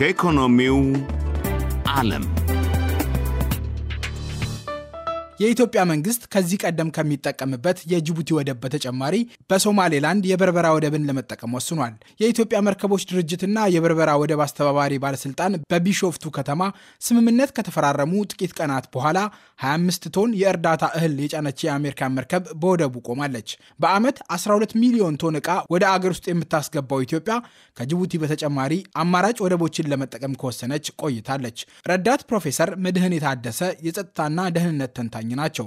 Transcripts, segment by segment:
ከኢኮኖሚው ዓለም የኢትዮጵያ መንግስት ከዚህ ቀደም ከሚጠቀምበት የጅቡቲ ወደብ በተጨማሪ በሶማሌላንድ የበርበራ ወደብን ለመጠቀም ወስኗል። የኢትዮጵያ መርከቦች ድርጅትና የበርበራ ወደብ አስተባባሪ ባለስልጣን በቢሾፍቱ ከተማ ስምምነት ከተፈራረሙ ጥቂት ቀናት በኋላ 25 ቶን የእርዳታ እህል የጫነች የአሜሪካን መርከብ በወደቡ ቆማለች። በዓመት 12 ሚሊዮን ቶን ዕቃ ወደ አገር ውስጥ የምታስገባው ኢትዮጵያ ከጅቡቲ በተጨማሪ አማራጭ ወደቦችን ለመጠቀም ከወሰነች ቆይታለች። ረዳት ፕሮፌሰር መድህን የታደሰ የጸጥታና ደህንነት ተንታኝ ቀኝ ናቸው።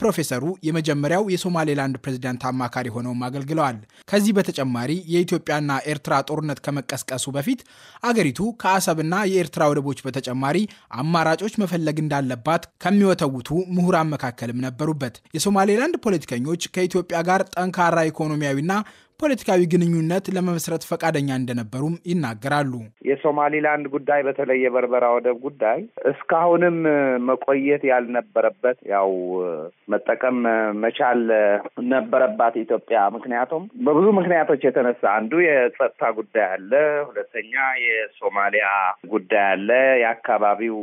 ፕሮፌሰሩ የመጀመሪያው የሶማሌላንድ ፕሬዚዳንት አማካሪ ሆነውም አገልግለዋል። ከዚህ በተጨማሪ የኢትዮጵያና ኤርትራ ጦርነት ከመቀስቀሱ በፊት አገሪቱ ከአሰብና የኤርትራ ወደቦች በተጨማሪ አማራጮች መፈለግ እንዳለባት ከሚወተውቱ ምሁራን መካከልም ነበሩበት። የሶማሌላንድ ፖለቲከኞች ከኢትዮጵያ ጋር ጠንካራ ኢኮኖሚያዊና ፖለቲካዊ ግንኙነት ለመመስረት ፈቃደኛ እንደነበሩም ይናገራሉ። የሶማሊላንድ ጉዳይ በተለይ የበርበራ ወደብ ጉዳይ እስካሁንም መቆየት ያልነበረበት ያው መጠቀም መቻል ነበረባት ኢትዮጵያ። ምክንያቱም በብዙ ምክንያቶች የተነሳ አንዱ የጸጥታ ጉዳይ አለ፣ ሁለተኛ የሶማሊያ ጉዳይ አለ፣ የአካባቢው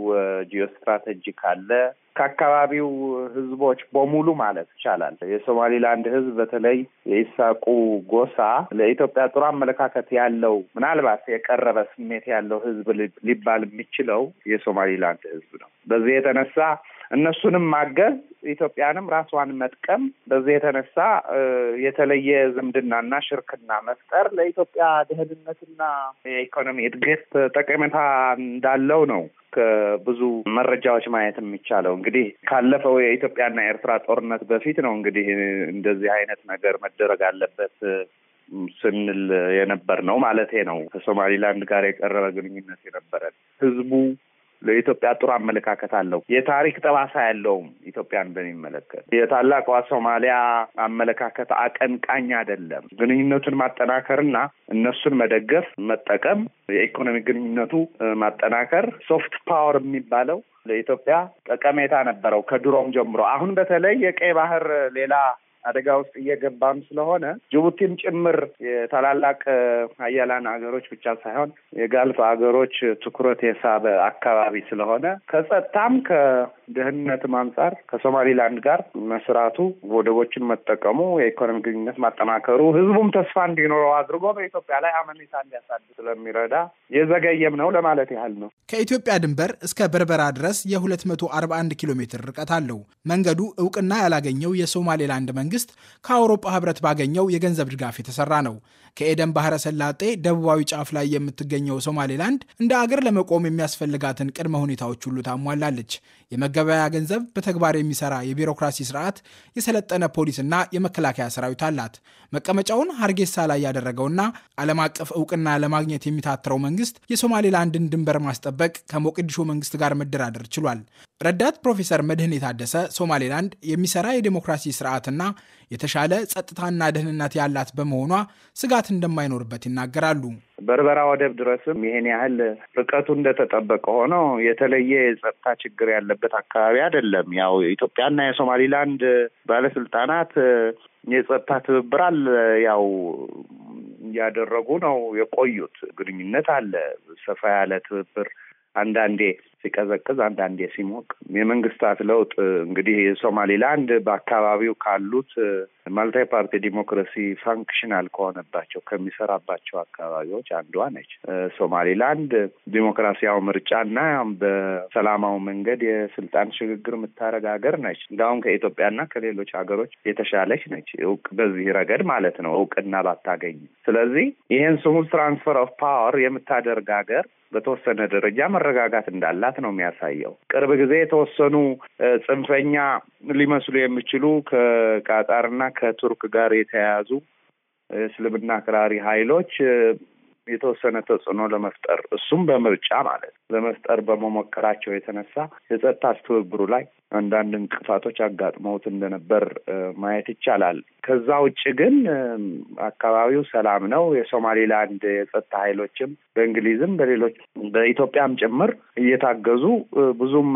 ጂኦስትራቴጂክ አለ ከአካባቢው ህዝቦች በሙሉ ማለት ይቻላል የሶማሊላንድ ህዝብ በተለይ የኢሳቁ ጎሳ ለኢትዮጵያ ጥሩ አመለካከት ያለው ምናልባት የቀረበ ስሜት ያለው ህዝብ ሊባል የሚችለው የሶማሊላንድ ህዝብ ነው። በዚህ የተነሳ እነሱንም ማገዝ ኢትዮጵያንም ራሷን መጥቀም። በዚህ የተነሳ የተለየ ዝምድናና ሽርክና መፍጠር ለኢትዮጵያ ደህንነትና የኢኮኖሚ እድገት ጠቀሜታ እንዳለው ነው ከብዙ መረጃዎች ማየት የሚቻለው። እንግዲህ ካለፈው የኢትዮጵያና የኤርትራ ጦርነት በፊት ነው እንግዲህ እንደዚህ አይነት ነገር መደረግ አለበት ስንል የነበር ነው ማለት ነው። ከሶማሊላንድ ጋር የቀረበ ግንኙነት የነበረን ህዝቡ ለኢትዮጵያ ጥሩ አመለካከት አለው። የታሪክ ጠባሳ ያለውም ኢትዮጵያን በሚመለከት የታላቋ ሶማሊያ አመለካከት አቀንቃኝ አይደለም። ግንኙነቱን ማጠናከርና እነሱን መደገፍ መጠቀም፣ የኢኮኖሚ ግንኙነቱ ማጠናከር ሶፍት ፓወር የሚባለው ለኢትዮጵያ ጠቀሜታ ነበረው ከድሮም ጀምሮ። አሁን በተለይ የቀይ ባህር ሌላ አደጋ ውስጥ እየገባም ስለሆነ ጅቡቲም ጭምር የታላላቅ ሀያላን ሀገሮች ብቻ ሳይሆን የጋልፍ ሀገሮች ትኩረት የሳበ አካባቢ ስለሆነ ከጸጥታም ከደህንነትም አንጻር ከሶማሊላንድ ጋር መስራቱ፣ ወደቦችን መጠቀሙ፣ የኢኮኖሚ ግንኙነት ማጠናከሩ ህዝቡም ተስፋ እንዲኖረው አድርጎ በኢትዮጵያ ላይ አመኔታ እንዲያሳድ ስለሚረዳ የዘገየም ነው ለማለት ያህል ነው። ከኢትዮጵያ ድንበር እስከ በርበራ ድረስ የ241 ኪሎ ሜትር ርቀት አለው። መንገዱ እውቅና ያላገኘው የሶማሌላንድ መንግስት መንግስት ከአውሮፓ ህብረት ባገኘው የገንዘብ ድጋፍ የተሰራ ነው። ከኤደን ባህረ ሰላጤ ደቡባዊ ጫፍ ላይ የምትገኘው ሶማሌላንድ እንደ አገር ለመቆም የሚያስፈልጋትን ቅድመ ሁኔታዎች ሁሉ ታሟላለች። የመገበያያ ገንዘብ፣ በተግባር የሚሰራ የቢሮክራሲ ስርዓት፣ የሰለጠነ ፖሊስና የመከላከያ ሰራዊት አላት። መቀመጫውን ሀርጌሳ ላይ ያደረገውና ዓለም አቀፍ እውቅና ለማግኘት የሚታትረው መንግስት የሶማሌላንድን ድንበር ማስጠበቅ ከሞቅዲሾ መንግስት ጋር መደራደር ችሏል። ረዳት ፕሮፌሰር መድህን የታደሰ ሶማሌላንድ የሚሰራ የዴሞክራሲ ስርዓትና የተሻለ ጸጥታና ደህንነት ያላት በመሆኗ ስጋት እንደማይኖርበት ይናገራሉ። በርበራ ወደብ ድረስም ይሄን ያህል ርቀቱ እንደተጠበቀ ሆኖ የተለየ የጸጥታ ችግር ያለበት አካባቢ አይደለም። ያው የኢትዮጵያና የሶማሊላንድ ባለስልጣናት የጸጥታ አለ ያው እያደረጉ ነው የቆዩት። ግንኙነት አለ፣ ሰፋ ያለ ትብብር አንዳንዴ ሲቀዘቅዝ አንዳንዴ ሲሞቅ የመንግስታት ለውጥ እንግዲህ የሶማሌላንድ በአካባቢው ካሉት ማልቲ ፓርቲ ዲሞክራሲ ፋንክሽናል ከሆነባቸው ከሚሰራባቸው አካባቢዎች አንዷ ነች። ሶማሌላንድ ዲሞክራሲያዊ ምርጫና በሰላማዊ መንገድ የስልጣን ሽግግር የምታደረግ ሀገር ነች። እንዳሁም ከኢትዮጵያና ከሌሎች ሀገሮች የተሻለች ነች። እውቅ በዚህ ረገድ ማለት ነው እውቅና ባታገኝ። ስለዚህ ይህን ስሙ ትራንስፈር ኦፍ ፓወር የምታደርግ ሀገር በተወሰነ ደረጃ መረጋጋት እንዳላት ነው የሚያሳየው። ቅርብ ጊዜ የተወሰኑ ጽንፈኛ ሊመስሉ የሚችሉ ከቃጣርና ከቱርክ ጋር የተያያዙ እስልምና አክራሪ ኃይሎች የተወሰነ ተጽዕኖ ለመፍጠር እሱም በምርጫ ማለት ለመፍጠር በመሞከራቸው የተነሳ የጸጥታ ትብብሩ ላይ አንዳንድ እንቅፋቶች አጋጥመውት እንደነበር ማየት ይቻላል። ከዛ ውጭ ግን አካባቢው ሰላም ነው። የሶማሌላንድ የጸጥታ ኃይሎችም በእንግሊዝም በሌሎች በኢትዮጵያም ጭምር እየታገዙ ብዙም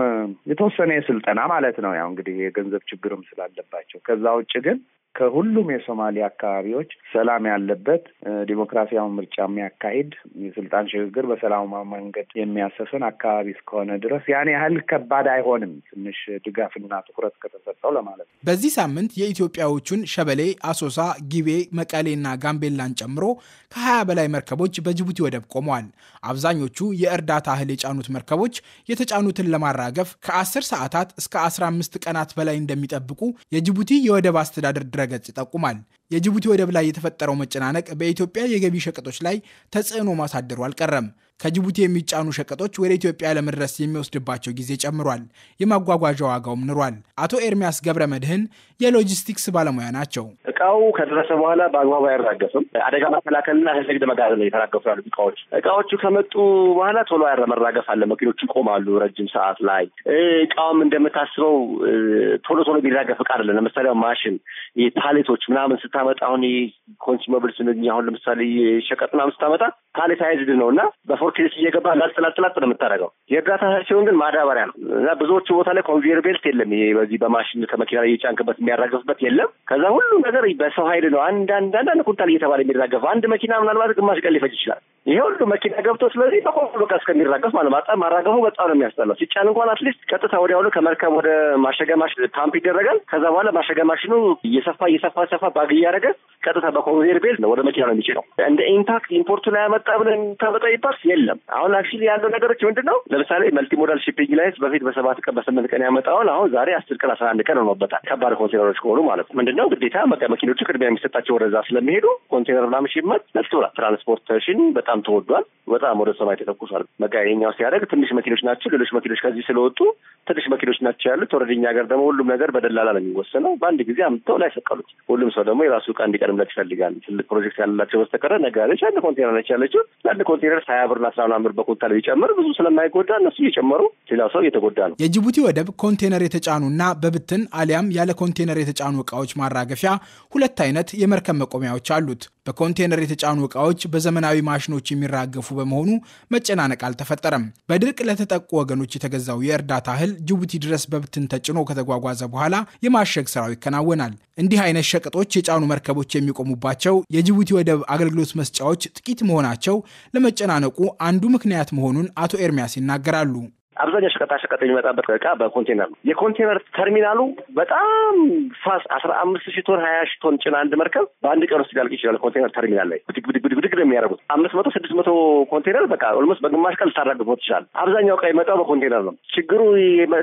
የተወሰነ የስልጠና ማለት ነው ያው እንግዲህ የገንዘብ ችግርም ስላለባቸው ከዛ ውጭ ግን ከሁሉም የሶማሊያ አካባቢዎች ሰላም ያለበት ዲሞክራሲያዊ ምርጫ የሚያካሂድ የስልጣን ሽግግር በሰላማዊ መንገድ የሚያሰፍን አካባቢ እስከሆነ ድረስ ያን ያህል ከባድ አይሆንም፣ ትንሽ ድጋፍና ትኩረት ከተሰጠው ለማለት ነው። በዚህ ሳምንት የኢትዮጵያዎቹን ሸበሌ፣ አሶሳ፣ ጊቤ፣ መቀሌና ጋምቤላን ጨምሮ ከሀያ በላይ መርከቦች በጅቡቲ ወደብ ቆመዋል። አብዛኞቹ የእርዳታ እህል የጫኑት መርከቦች የተጫኑትን ለማራገፍ ከአስር ሰዓታት እስከ አስራ አምስት ቀናት በላይ እንደሚጠብቁ የጅቡቲ የወደብ አስተዳደር ድረ ድረገጽ ይጠቁማል። የጅቡቲ ወደብ ላይ የተፈጠረው መጨናነቅ በኢትዮጵያ የገቢ ሸቀጦች ላይ ተጽዕኖ ማሳደሩ አልቀረም። ከጅቡቲ የሚጫኑ ሸቀጦች ወደ ኢትዮጵያ ለመድረስ የሚወስድባቸው ጊዜ ጨምሯል። የማጓጓዣ ዋጋውም ንሯል። አቶ ኤርሚያስ ገብረ መድህን የሎጂስቲክስ ባለሙያ ናቸው። እቃው ከደረሰ በኋላ በአግባቡ አይራገፍም። አደጋ መከላከልና ንግድ መጋዘን ነው የተራገፉ ያሉት እቃዎች። እቃዎቹ ከመጡ በኋላ ቶሎ መራገፍ አለ። መኪኖቹ ይቆማሉ ረጅም ሰዓት ላይ። እቃውም እንደምታስበው ቶሎ ቶሎ ቢራገፍ እቃ አለ። ለምሳሌ ማሽን ፓሌቶች ምናምን ስታመጣ አሁን ኮንሱመብል ስን አሁን ለምሳሌ ሸቀጥ ምናምን ስታመጣ ፓሌት አይዝድ ነው እና በፎርክሊፍት እየገባ ላጥላጥላጥ ነው የምታደርገው። የእርዳታ ሲሆን ግን ማዳበሪያ ነው እና ብዙዎቹ ቦታ ላይ ኮንቬየር ቤልት የለም። በዚህ በማሽን ከመኪና ላይ እየጫንክበት የሚያራገፍበት የለም። ከዛ ሁሉ ነገር በሰው ኃይል ነው አንዳንድ አንዳንድ ኩንታል እየተባለ የሚራገፈው አንድ መኪና ምናልባት ግማሽ ቀን ሊፈጅ ይችላል። ይሄ ሁሉ መኪና ገብቶ ስለዚህ በቆሎ በቃ እስከሚራገፍ ማለት ማጣ ማራገፉ በጣም ነው የሚያስጠላው። ሲጫን እንኳን አትሊስት ቀጥታ ወዲያውኑ ከመርከብ ወደ ማሸጊያ ማሽን ፓምፕ ይደረጋል። ከዛ በኋላ ማሸጊያ ማሽኑ እየሰፋ እየሰፋ ሰፋ ባግ እያደረገ ቀጥታ በኮንቬር ቤል ነው ወደ መኪና ነው የሚችለው። እንደ ኢምፓክት ኢምፖርቱ ላይ ያመጣ ብለህ ተመጣ ኢምፓክት የለም። አሁን አክቹዋሊ ያለው ነገሮች ምንድን ነው? ለምሳሌ መልቲሞዳል ሺፒንግ ላይ በፊት በሰባት ቀን በስምንት ቀን ያመጣውን አሁን ዛሬ አስር ቀን አስራ አንድ ቀን ሆኖበታል። ከባድ ኮንቴነሮች ከሆኑ ማለት ነው። ምንድን ነው ግዴታ መኪኖቹ ቅድሚያ የሚሰጣቸው ወደዛ ስለሚሄዱ ኮንቴነር ምናምን ሽመት ነፍስ ትራንስፖርቴሽን በጣም ተወዷል። በጣም ወደ ሰማይ ተተኩሷል። መጋኛው ሲያደርግ ትንሽ መኪኖች ናቸው፣ ሌሎች መኪኖች ከዚህ ስለወጡ ትንሽ መኪኖች ናቸው ያሉት። ወረደኛ ሀገር ደግሞ ሁሉም ነገር በደላላ ነው የሚወሰነው። በአንድ ጊዜ አምጥተው ላይ ሰቀሉት። ሁሉም ሰው ደግሞ የራሱ ዕቃ እንዲቀድምለት ይፈልጋል። ትልቅ ፕሮጀክት ያላቸው በስተቀረ ነጋዴዎች አንድ ኮንቴነር ነች ያለችው ለአንድ ኮንቴነር ሀያ ብርና አስራ ምናምን ብር በኩንታል ቢጨምር ብዙ ስለማይጎዳ እነሱ እየጨመሩ ሌላ ሰው እየተጎዳ ነው። የጅቡቲ ወደብ ኮንቴነር የተጫኑና በብትን አሊያም ያለ ኮንቴነር የተጫኑ እቃዎች ማራገፊያ ሁለት አይነት የመርከብ መቆሚያዎች አሉት። በኮንቴነር የተጫኑ ዕቃዎች በዘመናዊ ማሽኖች የሚራገፉ በመሆኑ መጨናነቅ አልተፈጠረም። በድርቅ ለተጠቁ ወገኖች የተገዛው የእርዳታ እህል ጅቡቲ ድረስ በብትን ተጭኖ ከተጓጓዘ በኋላ የማሸግ ስራው ይከናወናል። እንዲህ አይነት ሸቀጦች የጫኑ መርከቦች የሚቆሙባቸው የጅቡቲ ወደብ አገልግሎት መስጫዎች ጥቂት መሆናቸው ለመጨናነቁ አንዱ ምክንያት መሆኑን አቶ ኤርሚያስ ይናገራሉ። አብዛኛው ሸቀጣሸቀጥ የሚመጣበት እቃ በኮንቴነር ነው። የኮንቴነር ተርሚናሉ በጣም ፋስ አስራ አምስት ሺ ቶን ሀያ ሺ ቶን ጭና አንድ መርከብ በአንድ ቀን ውስጥ ሊያልቅ ይችላል። ኮንቴነር ተርሚናል ላይ ብድግ ብድግ ብድግ ነው የሚያደርጉት። አምስት መቶ ስድስት መቶ ኮንቴነር በቃ ኦልሞስት በግማሽ ቀን ልታራግፈው ትችላለህ። አብዛኛው እቃ የመጣው በኮንቴነር ነው። ችግሩ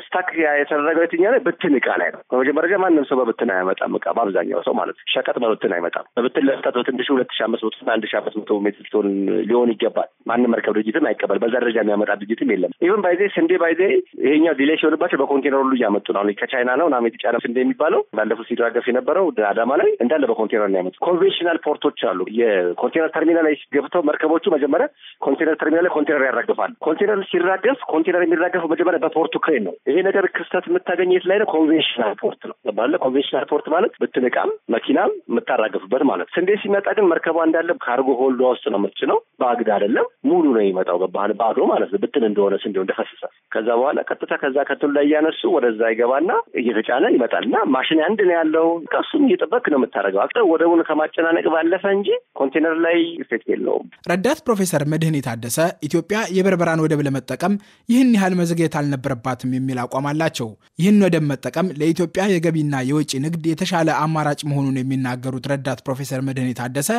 ስታክ የተደረገው የትኛ ላይ ብትን እቃ ላይ ነው። በመጀመሪያ ማንም ሰው በብትን አይመጣም እቃ በአብዛኛው ሰው ማለት ነው። ሸቀጥ በብትን አይመጣም። በብትን ለመጣት በትንሹ ሁለት ሺ አምስት መቶ አንድ ሺ አምስት መቶ ሜትር ቶን ሊሆን ይገባል። ማንም መርከብ ድርጅትም አይቀበል። በዛ ደረጃ የሚያመጣ ድርጅትም የለም። ኢቨን ባይዜ ስንዴ ባይዘ ይሄኛው ዲሌይ ሲሆንባቸው በኮንቴነር ሁሉ እያመጡ ነው። ከቻይና ነው ናም የተጫነ ስንዴ የሚባለው ባለፉት ሲራገፍ የነበረው አዳማ ላይ እንዳለ በኮንቴነር ነው ያመጡ። ኮንቬንሽናል ፖርቶች አሉ። የኮንቴነር ተርሚናል ላይ ገብተው መርከቦቹ መጀመሪያ ኮንቴነር ተርሚናል ላይ ኮንቴነር ያራግፋል። ኮንቴነር ሲራገፍ ኮንቴነር የሚራገፈው መጀመሪያ በፖርቱ ክሬን ነው። ይሄ ነገር ክስተት የምታገኘ የት ላይ ነው? ኮንቬንሽናል ፖርት ነው ባለ ኮንቬንሽናል ፖርት ማለት ብትንቃም መኪናም የምታራገፍበት ማለት። ስንዴ ሲመጣ ግን መርከቧ እንዳለ ካርጎ ሆልዷ ውስጥ ነው የምትጭነው። በአግድ አይደለም ሙሉ ነው ይመጣው በባህል ባዶ ማለት ነው ብትን እንደሆነ ስንዴው እንደፈሰሰ ከዛ በኋላ ቀጥታ ከዛ ከትሉ ላይ እያነሱ ወደዛ ይገባና እየተጫነ ይመጣል እና ማሽን አንድ ነው ያለው። እሱም እየጠበክ ነው የምታደርገው። አቅጠ ወደቡን ከማጨናነቅ ባለፈ እንጂ ኮንቴነር ላይ ኢፌክት የለውም። ረዳት ፕሮፌሰር መድህን የታደሰ ኢትዮጵያ የበርበራን ወደብ ለመጠቀም ይህን ያህል መዘግየት አልነበረባትም የሚል አቋም አላቸው። ይህን ወደብ መጠቀም ለኢትዮጵያ የገቢና የወጪ ንግድ የተሻለ አማራጭ መሆኑን የሚናገሩት ረዳት ፕሮፌሰር መድህን የታደሰ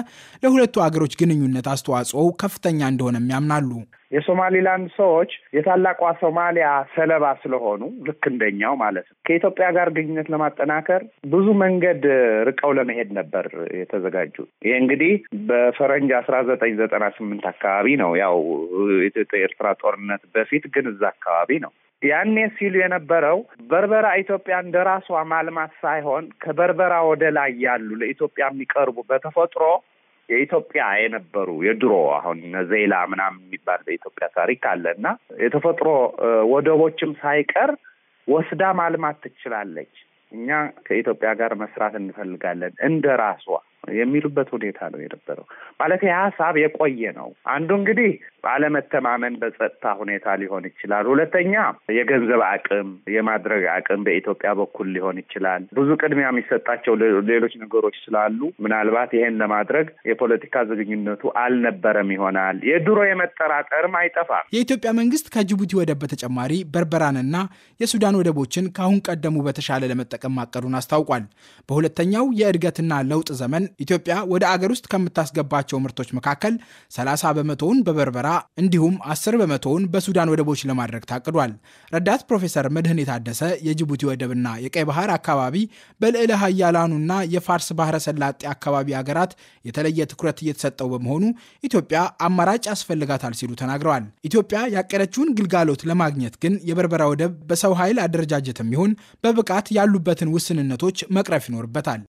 ለሁለቱ አገሮች ግንኙነት አስተዋጽኦው ከፍተኛ እንደሆነም ያምናሉ። የሶማሊላንድ ሰዎች የታላቋ ሶማሊያ ሰለባ ስለሆኑ ልክ እንደኛው ማለት ነው። ከኢትዮጵያ ጋር ግንኙነት ለማጠናከር ብዙ መንገድ ርቀው ለመሄድ ነበር የተዘጋጁ። ይህ እንግዲህ በፈረንጅ አስራ ዘጠኝ ዘጠና ስምንት አካባቢ ነው። ያው የኢትዮጵያ ኤርትራ ጦርነት በፊት ግን እዛ አካባቢ ነው። ያኔ ሲሉ የነበረው በርበራ ኢትዮጵያ እንደ ራሷ ማልማት ሳይሆን ከበርበራ ወደ ላይ ያሉ ለኢትዮጵያ የሚቀርቡ በተፈጥሮ የኢትዮጵያ የነበሩ የድሮ አሁን ዜላ ምናምን የሚባል በኢትዮጵያ ታሪክ አለ እና የተፈጥሮ ወደቦችም ሳይቀር ወስዳ ማልማት ትችላለች። እኛ ከኢትዮጵያ ጋር መስራት እንፈልጋለን እንደ ራሷ የሚሉበት ሁኔታ ነው የነበረው። ማለት ይህ ሀሳብ የቆየ ነው። አንዱ እንግዲህ አለመተማመን በጸጥታ ሁኔታ ሊሆን ይችላል። ሁለተኛ የገንዘብ አቅም የማድረግ አቅም በኢትዮጵያ በኩል ሊሆን ይችላል። ብዙ ቅድሚያ የሚሰጣቸው ሌሎች ነገሮች ስላሉ ምናልባት ይሄን ለማድረግ የፖለቲካ ዝግኙነቱ አልነበረም ይሆናል። የድሮ የመጠራጠርም አይጠፋም። የኢትዮጵያ መንግስት ከጅቡቲ ወደብ በተጨማሪ በርበራንና የሱዳን ወደቦችን ከአሁን ቀደሙ በተሻለ ለመጠቀም ማቀዱን አስታውቋል። በሁለተኛው የእድገትና ለውጥ ዘመን ኢትዮጵያ ወደ አገር ውስጥ ከምታስገባቸው ምርቶች መካከል 30 በመቶውን በበርበራ እንዲሁም 10 በመቶውን በሱዳን ወደቦች ለማድረግ ታቅዷል። ረዳት ፕሮፌሰር መድህን የታደሰ የጅቡቲ ወደብና የቀይ ባህር አካባቢ በልዕለ ሀያላኑና የፋርስ ባህረ ሰላጤ አካባቢ አገራት የተለየ ትኩረት እየተሰጠው በመሆኑ ኢትዮጵያ አማራጭ ያስፈልጋታል ሲሉ ተናግረዋል። ኢትዮጵያ ያቀደችውን ግልጋሎት ለማግኘት ግን የበርበራ ወደብ በሰው ኃይል አደረጃጀትም ይሁን በብቃት ያሉበትን ውስንነቶች መቅረፍ ይኖርበታል።